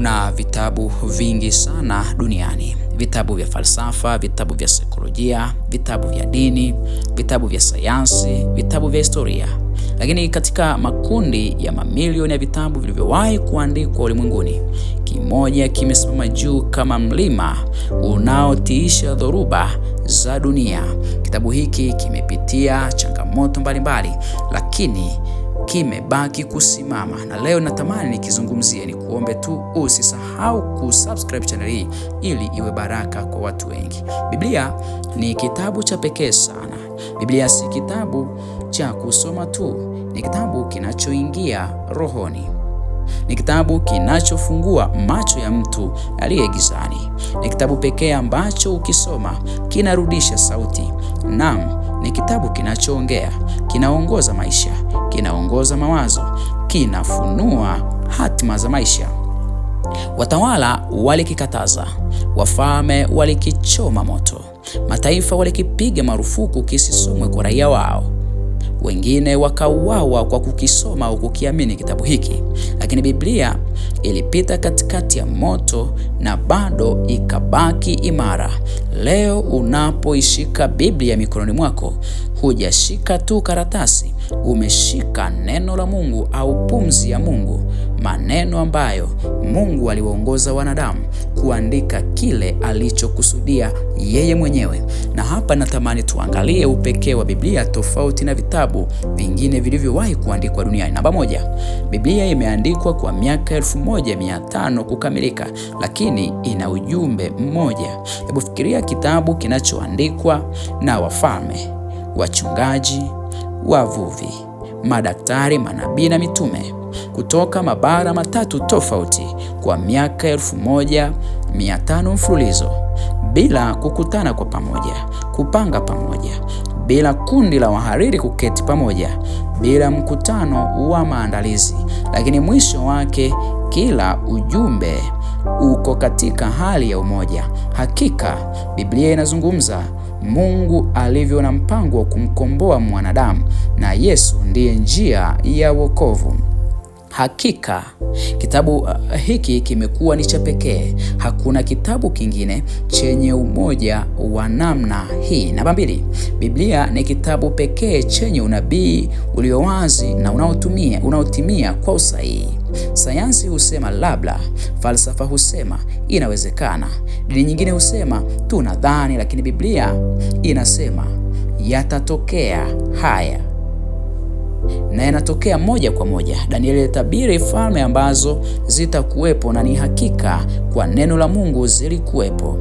kuna vitabu vingi sana duniani, vitabu vya falsafa, vitabu vya saikolojia, vitabu vya dini, vitabu vya sayansi, vitabu vya historia. Lakini katika makundi ya mamilioni ya vitabu vilivyowahi kuandikwa ulimwenguni, kimoja kimesimama juu kama mlima unaotiisha dhoruba za dunia. Kitabu hiki kimepitia changamoto mbalimbali, lakini kimebaki kusimama, na leo natamani nikizungumzie, ni kuombe tu usisahau kusubscribe channel hii ili iwe baraka kwa watu wengi. Biblia ni kitabu cha pekee sana. Biblia si kitabu cha kusoma tu, ni kitabu kinachoingia rohoni ni kitabu kinachofungua macho ya mtu aliye gizani. Ni kitabu pekee ambacho ukisoma kinarudisha sauti. Naam, ni kitabu kinachoongea, kinaongoza maisha kinaongoza mawazo, kinafunua hatima za maisha. Watawala walikikataza, wafalme walikichoma moto, mataifa walikipiga marufuku kisisomwe kwa raia wao wengine wakauawa kwa kukisoma au kukiamini kitabu hiki. Lakini Biblia ilipita katikati ya moto na bado ikabaki imara. Leo unapoishika Biblia mikononi mwako, hujashika tu karatasi, umeshika neno la Mungu au pumzi ya Mungu, maneno ambayo Mungu aliwaongoza wanadamu kuandika kile alichokusudia yeye mwenyewe hapa natamani tuangalie upekee wa Biblia tofauti na vitabu vingine vilivyowahi kuandikwa duniani. Namba moja, Biblia imeandikwa kwa miaka 1500 kukamilika, lakini ina ujumbe mmoja. Hebu fikiria kitabu kinachoandikwa na wafalme, wachungaji, wavuvi, madaktari, manabii na mitume kutoka mabara matatu tofauti kwa miaka 1500 mfululizo bila kukutana kwa pamoja, kupanga pamoja, bila kundi la wahariri kuketi pamoja, bila mkutano wa maandalizi, lakini mwisho wake kila ujumbe uko katika hali ya umoja. Hakika Biblia inazungumza Mungu alivyo na mpango wa kumkomboa mwanadamu na Yesu ndiye njia ya wokovu. Hakika kitabu uh, hiki kimekuwa ni cha pekee. Hakuna kitabu kingine chenye umoja wa namna hii. Namba mbili, Biblia ni kitabu pekee chenye unabii ulio wazi na unaotumia unaotimia kwa usahihi. Sayansi husema labda, falsafa husema inawezekana, dini nyingine husema tunadhani, lakini Biblia inasema yatatokea haya na yanatokea moja kwa moja. Danieli alitabiri falme ambazo zitakuwepo na ni hakika kwa neno la Mungu zilikuwepo.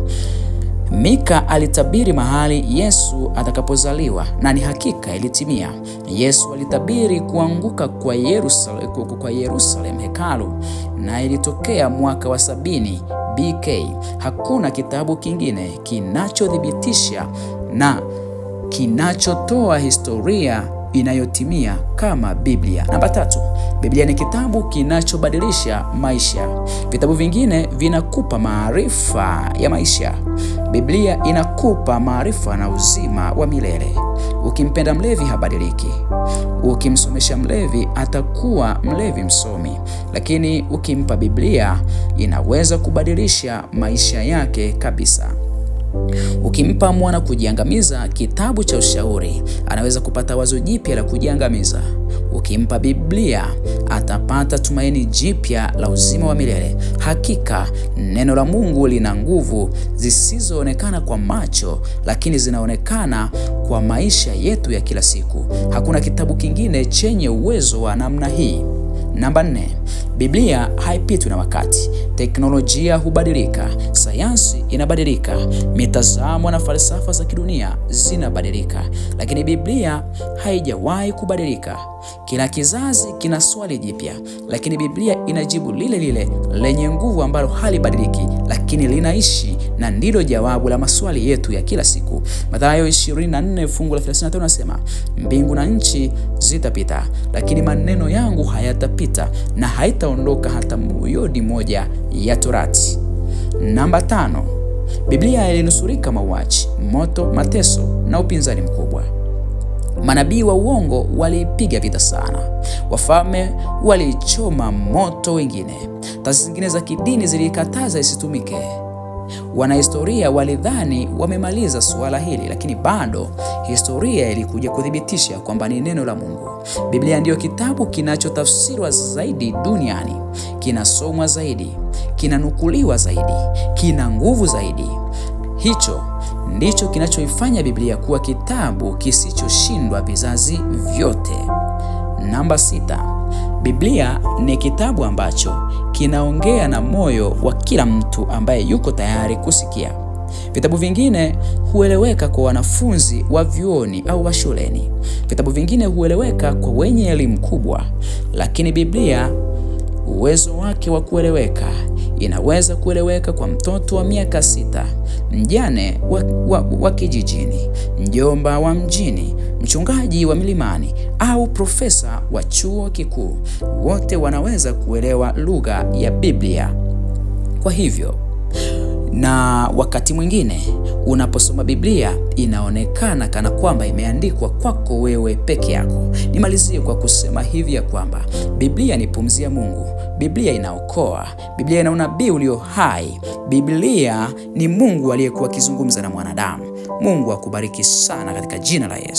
Mika alitabiri mahali Yesu atakapozaliwa na ni hakika ilitimia. Yesu alitabiri kuanguka kwa Yerusalemu, kwa Yerusalemu hekalu na ilitokea mwaka wa sabini BK. Hakuna kitabu kingine kinachothibitisha na kinachotoa historia inayotimia kama Biblia. Namba tatu, Biblia ni kitabu kinachobadilisha maisha. Vitabu vingine vinakupa maarifa ya maisha, Biblia inakupa maarifa na uzima wa milele. Ukimpenda mlevi habadiliki, ukimsomesha mlevi atakuwa mlevi msomi, lakini ukimpa Biblia inaweza kubadilisha maisha yake kabisa. Ukimpa mwana kujiangamiza kitabu cha ushauri, anaweza kupata wazo jipya la kujiangamiza. Ukimpa Biblia atapata tumaini jipya la uzima wa milele. Hakika neno la Mungu lina nguvu zisizoonekana kwa macho, lakini zinaonekana kwa maisha yetu ya kila siku. Hakuna kitabu kingine chenye uwezo wa namna hii. Namba nne, Biblia haipitwi na wakati. Teknolojia hubadilika, sayansi inabadilika, mitazamo na falsafa za kidunia zinabadilika, lakini Biblia haijawahi kubadilika. Kila kizazi kina swali jipya, lakini Biblia inajibu lile lile lenye nguvu ambalo halibadiliki, lakini linaishi na ndilo jawabu la maswali yetu ya kila siku. Mathayo 24 fungu la 35 anasema, mbingu na nchi zitapita, lakini maneno yangu hayatapita, na haitaondoka hata muyodi moja ya Torati. Namba tano, Biblia ilinusurika mauaji, moto, mateso na upinzani mkubwa. Manabii wa uongo waliipiga vita sana, wafalme waliichoma moto, wengine taasisi zingine za kidini zilikataza isitumike. Wanahistoria walidhani wamemaliza suala hili, lakini bado historia ilikuja kuthibitisha kwamba ni neno la Mungu. Biblia ndiyo kitabu kinachotafsirwa zaidi duniani, kinasomwa zaidi, kinanukuliwa zaidi, kina nguvu zaidi. Hicho ndicho kinachoifanya Biblia kuwa kitabu kisichoshindwa vizazi vyote. Namba sita, Biblia ni kitabu ambacho kinaongea na moyo wa kila mtu ambaye yuko tayari kusikia. Vitabu vingine hueleweka kwa wanafunzi wa vyuoni au wa shuleni. Vitabu vingine hueleweka kwa wenye elimu kubwa, lakini Biblia uwezo wake wa kueleweka inaweza kueleweka kwa mtoto wa miaka sita, mjane wa, wa, wa kijijini, mjomba wa mjini, mchungaji wa milimani au profesa wa chuo kikuu. Wote wanaweza kuelewa lugha ya Biblia. Kwa hivyo na wakati mwingine unaposoma Biblia inaonekana kana kwamba imeandikwa kwako wewe peke yako. Nimalizie kwa kusema hivi ya kwamba Biblia ni pumzi ya Mungu, Biblia inaokoa, Biblia ina unabii ulio hai, Biblia ni Mungu aliyekuwa akizungumza na mwanadamu. Mungu akubariki sana katika jina la Yesu.